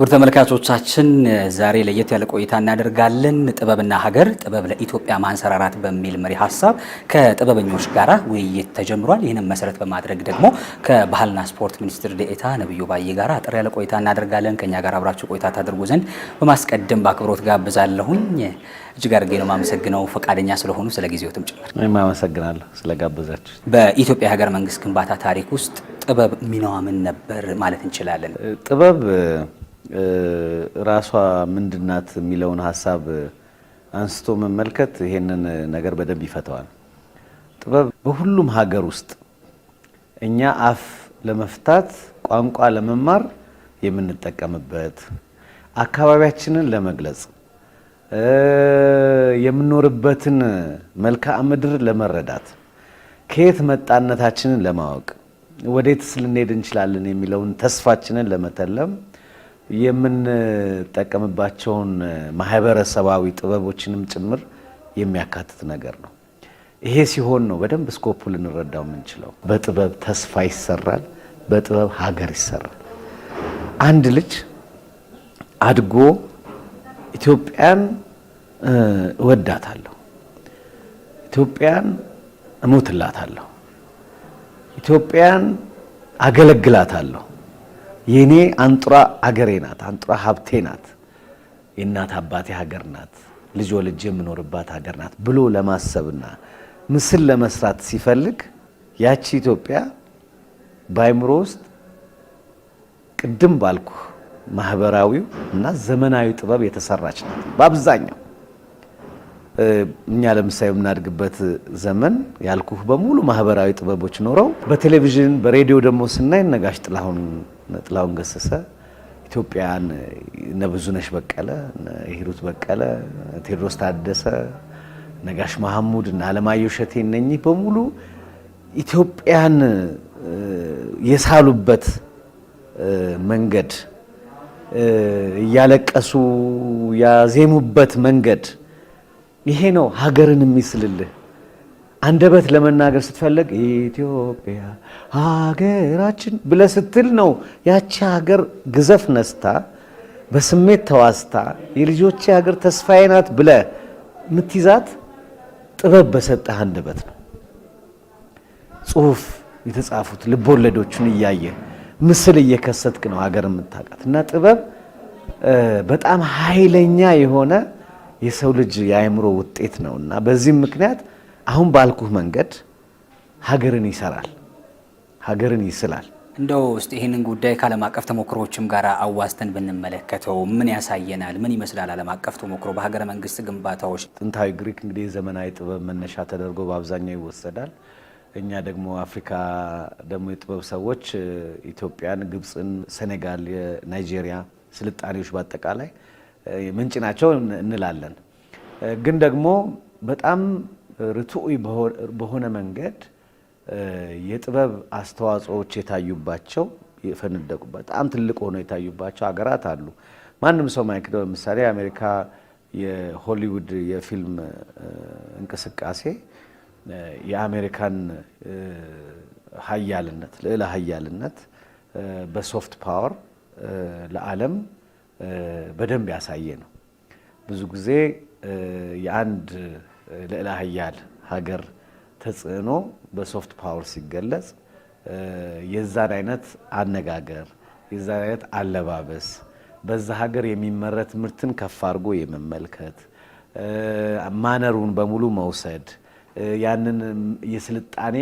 ውድ ተመልካቾቻችን ዛሬ ለየት ያለ ቆይታ እናደርጋለን። ጥበብና ሀገር ጥበብ ለኢትዮጵያ ማንሰራራት በሚል መሪ ሀሳብ ከጥበበኞች ጋር ውይይት ተጀምሯል። ይህንም መሰረት በማድረግ ደግሞ ከባህልና ስፖርት ሚኒስትር ዴኤታ ነብዩ ባዬ ጋር አጠር ያለ ቆይታ እናደርጋለን። ከኛ ጋር አብራችሁ ቆይታ ታደርጉ ዘንድ በማስቀደም በአክብሮት ጋብዛለሁኝ። እጅግ አድርጌ ነው የማመሰግነው ፈቃደኛ ስለሆኑ ስለ ጊዜዎትም ጭምር አመሰግናለሁ ስለጋበዛችሁ። በኢትዮጵያ ሀገር መንግስት ግንባታ ታሪክ ውስጥ ጥበብ ሚናዋ ምን ነበር ማለት እንችላለን? ጥበብ ራሷ ምንድናት የሚለውን ሀሳብ አንስቶ መመልከት ይሄንን ነገር በደንብ ይፈተዋል። ጥበብ በሁሉም ሀገር ውስጥ እኛ አፍ ለመፍታት ቋንቋ ለመማር የምንጠቀምበት አካባቢያችንን ለመግለጽ የምኖርበትን መልክዓ ምድር ለመረዳት ከየት መጣነታችንን ለማወቅ ወዴትስ ልንሄድ እንችላለን የሚለውን ተስፋችንን ለመተለም የምንጠቀምባቸውን ማህበረሰባዊ ጥበቦችንም ጭምር የሚያካትት ነገር ነው። ይሄ ሲሆን ነው በደንብ ስኮፕ ልንረዳው የምንችለው። በጥበብ ተስፋ ይሰራል፣ በጥበብ ሀገር ይሰራል። አንድ ልጅ አድጎ ኢትዮጵያን እወዳታለሁ፣ ኢትዮጵያን እሞትላታለሁ፣ ኢትዮጵያን አገለግላታለሁ የኔ አንጡራ አገሬ ናት፣ አንጡራ ሀብቴ ናት፣ የእናት አባቴ ሀገር ናት፣ ልጅ ወልጅ የምኖርባት ሀገር ናት ብሎ ለማሰብና ምስል ለመስራት ሲፈልግ ያቺ ኢትዮጵያ በአይምሮ ውስጥ ቅድም ባልኩ ማህበራዊው እና ዘመናዊ ጥበብ የተሰራች ናት በአብዛኛው። እኛ ለምሳሌ የምናድግበት ዘመን ያልኩህ በሙሉ ማህበራዊ ጥበቦች ኖረው በቴሌቪዥን በሬዲዮ ደግሞ ስናይ ነጋሽ ጥላሁን ገሰሰ ኢትዮጵያን እነ ብዙነሽ በቀለ እነ ሂሩት በቀለ ቴዎድሮስ ታደሰ ነጋሽ መሐሙድ እና አለማየሁ እሸቴ እነኚህ በሙሉ ኢትዮጵያን የሳሉበት መንገድ እያለቀሱ ያዜሙበት መንገድ ይሄ ነው ሀገርን የሚስልልህ። አንደበት ለመናገር ስትፈለግ ኢትዮጵያ ሀገራችን ብለ ስትል ነው ያቺ ሀገር ግዘፍ ነስታ በስሜት ተዋስታ የልጆች ሀገር ተስፋዬ ናት ብለህ የምትይዛት ጥበብ በሰጠህ አንደበት ነው። ጽሁፍ የተጻፉት ልቦለዶቹን እያየ ምስል እየከሰትክ ነው ሀገር የምታውቃት እና ጥበብ በጣም ኃይለኛ የሆነ የሰው ልጅ የአእምሮ ውጤት ነው እና በዚህም ምክንያት አሁን ባልኩህ መንገድ ሀገርን ይሰራል፣ ሀገርን ይስላል። እንደው ውስጥ ይህንን ጉዳይ ከዓለም አቀፍ ተሞክሮዎችም ጋር አዋዝተን ብንመለከተው ምን ያሳየናል? ምን ይመስላል? ዓለም አቀፍ ተሞክሮ በሀገረ መንግስት ግንባታዎች ጥንታዊ ግሪክ እንግዲህ የዘመናዊ ጥበብ መነሻ ተደርጎ በአብዛኛው ይወሰዳል። እኛ ደግሞ አፍሪካ ደግሞ የጥበብ ሰዎች ኢትዮጵያን፣ ግብፅን፣ ሴኔጋል፣ ናይጄሪያ ስልጣኔዎች በአጠቃላይ ምንጭ ናቸው እንላለን። ግን ደግሞ በጣም ርቱዕ በሆነ መንገድ የጥበብ አስተዋጽኦዎች የታዩባቸው የፈነደቁበት በጣም ትልቅ ሆኖ የታዩባቸው ሀገራት አሉ። ማንም ሰው ማይክደ ለምሳሌ የአሜሪካ የሆሊውድ የፊልም እንቅስቃሴ የአሜሪካን ሀያልነት ልዕለ ሀያልነት በሶፍት ፓወር ለዓለም በደንብ ያሳየ ነው። ብዙ ጊዜ የአንድ ልዕለ ኃያል ሀገር ተጽዕኖ በሶፍት ፓወር ሲገለጽ የዛን አይነት አነጋገር፣ የዛን አይነት አለባበስ፣ በዛ ሀገር የሚመረት ምርትን ከፍ አድርጎ የመመልከት ማነሩን በሙሉ መውሰድ፣ ያንን የስልጣኔ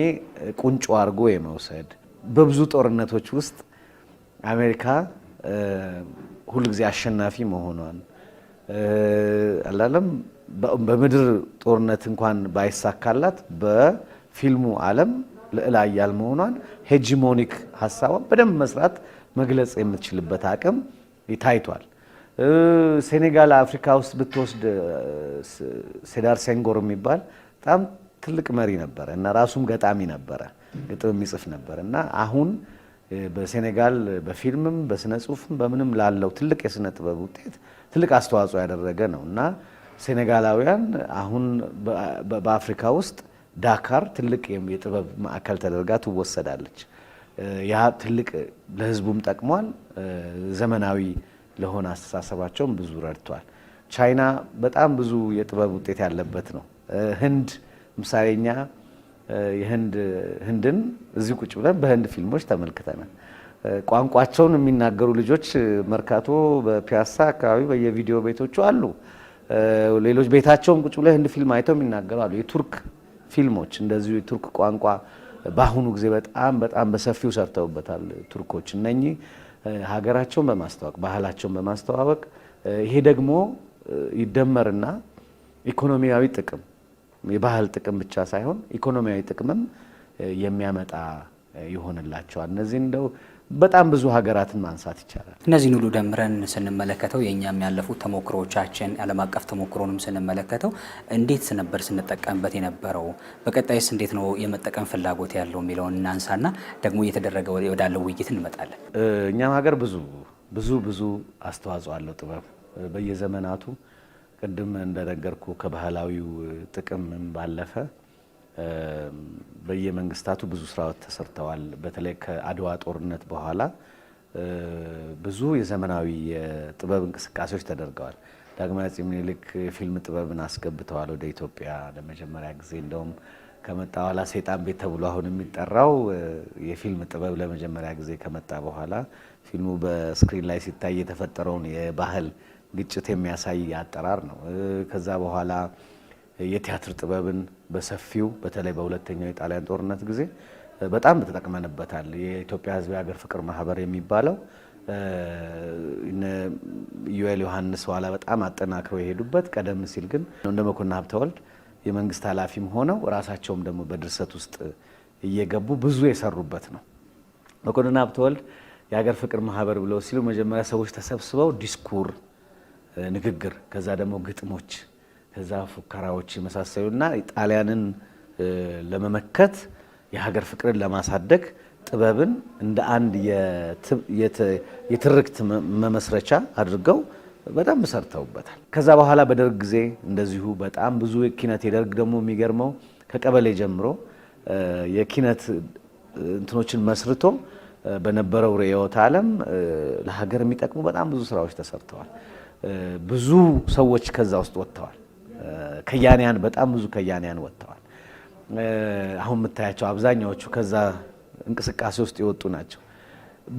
ቁንጮ አድርጎ የመውሰድ በብዙ ጦርነቶች ውስጥ አሜሪካ ሁል ጊዜ አሸናፊ መሆኗን አላለም በምድር ጦርነት እንኳን ባይሳካላት በፊልሙ ዓለም ልዕለ መሆኗን ሄጂሞኒክ ሀሳቧን በደንብ መስራት መግለጽ የምትችልበት አቅም ታይቷል። ሴኔጋል አፍሪካ ውስጥ ብትወስድ ሴዳር ሴንጎር የሚባል በጣም ትልቅ መሪ ነበረ እና ራሱም ገጣሚ ነበረ፣ ግጥም የሚጽፍ ነበረ እና አሁን በሴኔጋል በፊልምም በስነ ጽሁፍም በምንም ላለው ትልቅ የስነ ጥበብ ውጤት ትልቅ አስተዋጽኦ ያደረገ ነው እና ሴኔጋላውያን አሁን በአፍሪካ ውስጥ ዳካር ትልቅ የጥበብ ማዕከል ተደርጋ ትወሰዳለች። ያ ትልቅ ለህዝቡም ጠቅሟል። ዘመናዊ ለሆነ አስተሳሰባቸውም ብዙ ረድቷል። ቻይና በጣም ብዙ የጥበብ ውጤት ያለበት ነው። ህንድ ምሳሌኛ የህንድ ህንድን እዚሁ ቁጭ ብለን በህንድ ፊልሞች ተመልክተናል። ቋንቋቸውን የሚናገሩ ልጆች መርካቶ፣ በፒያሳ አካባቢ በየቪዲዮ ቤቶቹ አሉ። ሌሎች ቤታቸውን ቁጭ ብለው ህንድ ፊልም አይተው የሚናገሩ አሉ። የቱርክ ፊልሞች እንደዚሁ የቱርክ ቋንቋ በአሁኑ ጊዜ በጣም በጣም በሰፊው ሰርተውበታል ቱርኮች። እነኚህ ሀገራቸውን በማስተዋወቅ ባህላቸውን በማስተዋወቅ ይሄ ደግሞ ይደመርና ኢኮኖሚያዊ ጥቅም የባህል ጥቅም ብቻ ሳይሆን ኢኮኖሚያዊ ጥቅምም የሚያመጣ ይሆንላቸዋል። እነዚህ እንደው በጣም ብዙ ሀገራትን ማንሳት ይቻላል። እነዚህን ሁሉ ደምረን ስንመለከተው የእኛም ያለፉት ተሞክሮቻችን ዓለም አቀፍ ተሞክሮንም ስንመለከተው እንዴት ስነበር ስንጠቀምበት የነበረው በቀጣይስ እንዴት ነው የመጠቀም ፍላጎት ያለው የሚለውን እናንሳና ደግሞ እየተደረገ ወዳለው ውይይት እንመጣለን። እኛም ሀገር ብዙ ብዙ ብዙ አስተዋጽኦ አለው ጥበብ በየዘመናቱ ቅድም እንደነገርኩ ከባህላዊው ጥቅም ባለፈ በየመንግስታቱ ብዙ ስራዎች ተሰርተዋል። በተለይ ከአድዋ ጦርነት በኋላ ብዙ የዘመናዊ የጥበብ እንቅስቃሴዎች ተደርገዋል። ዳግማዊ አፄ ምኒልክ የፊልም ጥበብን አስገብተዋል ወደ ኢትዮጵያ ለመጀመሪያ ጊዜ እንደውም ከመጣ በኋላ ሰይጣን ቤት ተብሎ አሁን የሚጠራው የፊልም ጥበብ ለመጀመሪያ ጊዜ ከመጣ በኋላ ፊልሙ በስክሪን ላይ ሲታይ የተፈጠረውን የባህል ግጭት የሚያሳይ አጠራር ነው። ከዛ በኋላ የቲያትር ጥበብን በሰፊው በተለይ በሁለተኛው የጣሊያን ጦርነት ጊዜ በጣም ተጠቅመንበታል። የኢትዮጵያ ሕዝብ የሀገር ፍቅር ማህበር የሚባለው ዩኤል ዮሐንስ ኋላ በጣም አጠናክረው የሄዱበት ቀደም ሲል ግን እንደ መኮንን ሀብተወልድ የመንግስት ኃላፊም ሆነው ራሳቸውም ደግሞ በድርሰት ውስጥ እየገቡ ብዙ የሰሩበት ነው። መኮንን ሀብተወልድ የሀገር ፍቅር ማህበር ብለው ሲሉ መጀመሪያ ሰዎች ተሰብስበው ዲስኩር ንግግር፣ ከዛ ደግሞ ግጥሞች፣ ከዛ ፉከራዎች የመሳሰሉና ጣሊያንን ለመመከት የሀገር ፍቅርን ለማሳደግ ጥበብን እንደ አንድ የትርክት መመስረቻ አድርገው በጣም ሰርተውበታል። ከዛ በኋላ በደርግ ጊዜ እንደዚሁ በጣም ብዙ የኪነት የደርግ ደግሞ የሚገርመው ከቀበሌ ጀምሮ የኪነት እንትኖችን መስርቶ በነበረው ርዕዮተ ዓለም ለሀገር የሚጠቅሙ በጣም ብዙ ስራዎች ተሰርተዋል። ብዙ ሰዎች ከዛ ውስጥ ወጥተዋል። ከያንያን በጣም ብዙ ከያንያን ወጥተዋል። አሁን የምታያቸው አብዛኛዎቹ ከዛ እንቅስቃሴ ውስጥ የወጡ ናቸው።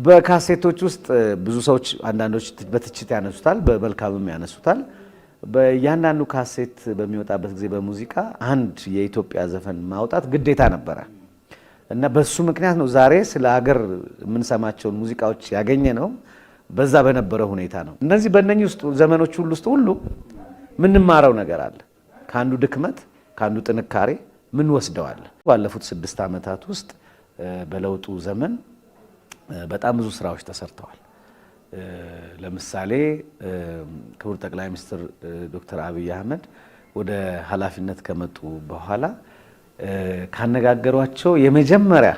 በካሴቶች ውስጥ ብዙ ሰዎች አንዳንዶች በትችት ያነሱታል፣ በመልካምም ያነሱታል። በእያንዳንዱ ካሴት በሚወጣበት ጊዜ በሙዚቃ አንድ የኢትዮጵያ ዘፈን ማውጣት ግዴታ ነበረ እና በሱ ምክንያት ነው ዛሬ ስለ ሀገር የምንሰማቸውን ሙዚቃዎች ያገኘ ነው። በዛ በነበረ ሁኔታ ነው። እነዚህ በእነኚህ ውስጥ ዘመኖች ሁሉ ውስጥ ሁሉ ምንማረው ነገር አለ። ከአንዱ ድክመት ከአንዱ ጥንካሬ ምን ወስደዋል። ባለፉት ስድስት ዓመታት ውስጥ በለውጡ ዘመን በጣም ብዙ ስራዎች ተሰርተዋል። ለምሳሌ ክቡር ጠቅላይ ሚኒስትር ዶክተር አብይ አህመድ ወደ ኃላፊነት ከመጡ በኋላ ካነጋገሯቸው የመጀመሪያ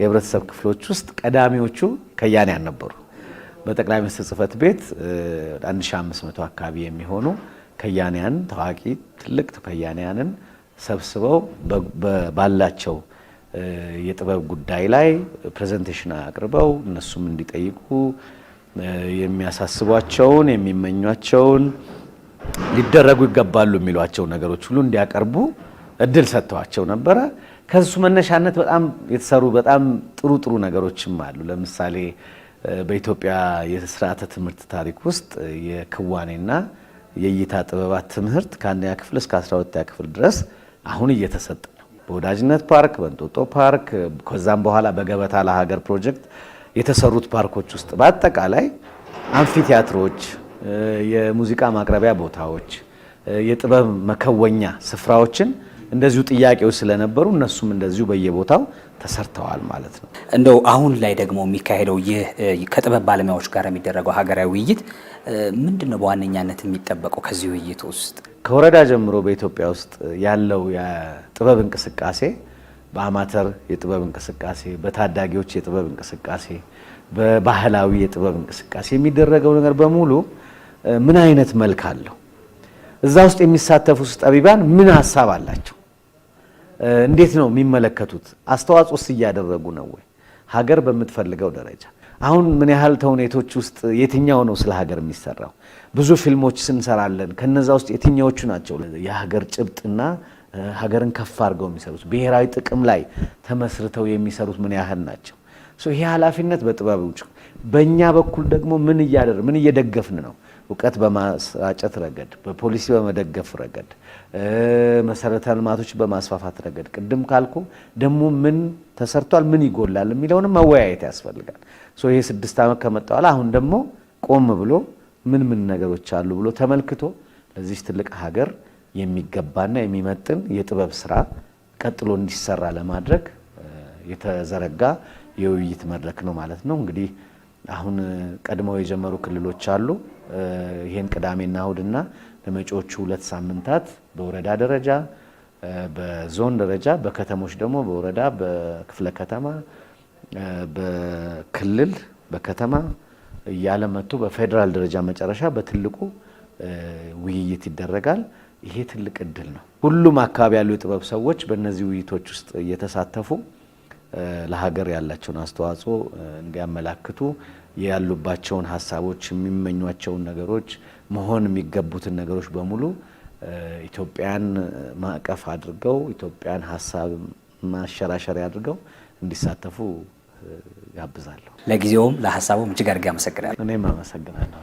የህብረተሰብ ክፍሎች ውስጥ ቀዳሚዎቹ ከያኔ ነበሩ። በጠቅላይ ሚኒስትር ጽህፈት ቤት 1500 አካባቢ የሚሆኑ ከያንያን ታዋቂ ትልቅ ከያንያንን ሰብስበው ባላቸው የጥበብ ጉዳይ ላይ ፕሬዘንቴሽን አቅርበው እነሱም እንዲጠይቁ የሚያሳስቧቸውን የሚመኟቸውን ሊደረጉ ይገባሉ የሚሏቸው ነገሮች ሁሉ እንዲያቀርቡ እድል ሰጥተዋቸው ነበረ። ከሱ መነሻነት በጣም የተሰሩ በጣም ጥሩ ጥሩ ነገሮችም አሉ። ለምሳሌ በኢትዮጵያ የስርዓተ ትምህርት ታሪክ ውስጥ የክዋኔና የእይታ ጥበባት ትምህርት ከአንደኛ ክፍል እስከ 12ኛ ክፍል ድረስ አሁን እየተሰጠ ነው። በወዳጅነት ፓርክ፣ በእንጦጦ ፓርክ ከዛም በኋላ በገበታ ለሀገር ፕሮጀክት የተሰሩት ፓርኮች ውስጥ በአጠቃላይ አንፊቲያትሮች፣ የሙዚቃ ማቅረቢያ ቦታዎች፣ የጥበብ መከወኛ ስፍራዎችን እንደዚሁ ጥያቄዎች ስለነበሩ እነሱም እንደዚሁ በየቦታው ተሰርተዋል ማለት ነው። እንደው አሁን ላይ ደግሞ የሚካሄደው ይህ ከጥበብ ባለሙያዎች ጋር የሚደረገው ሀገራዊ ውይይት ምንድን ነው በዋነኛነት የሚጠበቀው ከዚህ ውይይት ውስጥ? ከወረዳ ጀምሮ በኢትዮጵያ ውስጥ ያለው የጥበብ እንቅስቃሴ በአማተር የጥበብ እንቅስቃሴ፣ በታዳጊዎች የጥበብ እንቅስቃሴ፣ በባህላዊ የጥበብ እንቅስቃሴ የሚደረገው ነገር በሙሉ ምን አይነት መልክ አለው? እዛ ውስጥ የሚሳተፉ ጠቢባን ምን ሀሳብ አላቸው? እንዴት ነው የሚመለከቱት? አስተዋጽኦስ እያደረጉ ነው ወይ? ሀገር በምትፈልገው ደረጃ አሁን ምን ያህል ተውኔቶች ውስጥ የትኛው ነው ስለ ሀገር የሚሰራው? ብዙ ፊልሞች ስንሰራለን። ከነዛ ውስጥ የትኛዎቹ ናቸው የሀገር ጭብጥና ሀገርን ከፍ አድርገው የሚሰሩት ብሔራዊ ጥቅም ላይ ተመስርተው የሚሰሩት ምን ያህል ናቸው? ይሄ ኃላፊነት በጥበቦች በእኛ በኩል ደግሞ ምን እያደር ምን እየደገፍን ነው እውቀት በማስራጨት ረገድ፣ በፖሊሲ በመደገፍ ረገድ፣ መሰረተ ልማቶችን በማስፋፋት ረገድ ቅድም ካልኩ ደግሞ ምን ተሰርቷል፣ ምን ይጎላል የሚለውንም መወያየት ያስፈልጋል። ይሄ ስድስት ዓመት ከመጣ በኋላ አሁን ደግሞ ቆም ብሎ ምን ምን ነገሮች አሉ ብሎ ተመልክቶ ለዚች ትልቅ ሀገር የሚገባና የሚመጥን የጥበብ ስራ ቀጥሎ እንዲሰራ ለማድረግ የተዘረጋ የውይይት መድረክ ነው ማለት ነው እንግዲህ አሁን ቀድመው የጀመሩ ክልሎች አሉ። ይህን ቅዳሜና እሁድና ለመጪዎቹ ሁለት ሳምንታት በወረዳ ደረጃ፣ በዞን ደረጃ፣ በከተሞች ደግሞ በወረዳ፣ በክፍለ ከተማ፣ በክልል፣ በከተማ እያለ መጥቶ በፌዴራል ደረጃ መጨረሻ በትልቁ ውይይት ይደረጋል። ይሄ ትልቅ እድል ነው። ሁሉም አካባቢ ያሉ የጥበብ ሰዎች በእነዚህ ውይይቶች ውስጥ እየተሳተፉ ለሀገር ያላቸውን አስተዋጽኦ እንዲያመላክቱ ያሉባቸውን ሀሳቦች፣ የሚመኟቸውን ነገሮች፣ መሆን የሚገቡትን ነገሮች በሙሉ ኢትዮጵያን ማዕቀፍ አድርገው ኢትዮጵያን ሀሳብ ማሸራሸሪያ አድርገው እንዲሳተፉ ጋብዛለሁ። ለጊዜውም ለሀሳቡም እጅግ አድርጌ አመሰግናለሁ። እኔም አመሰግናለሁ።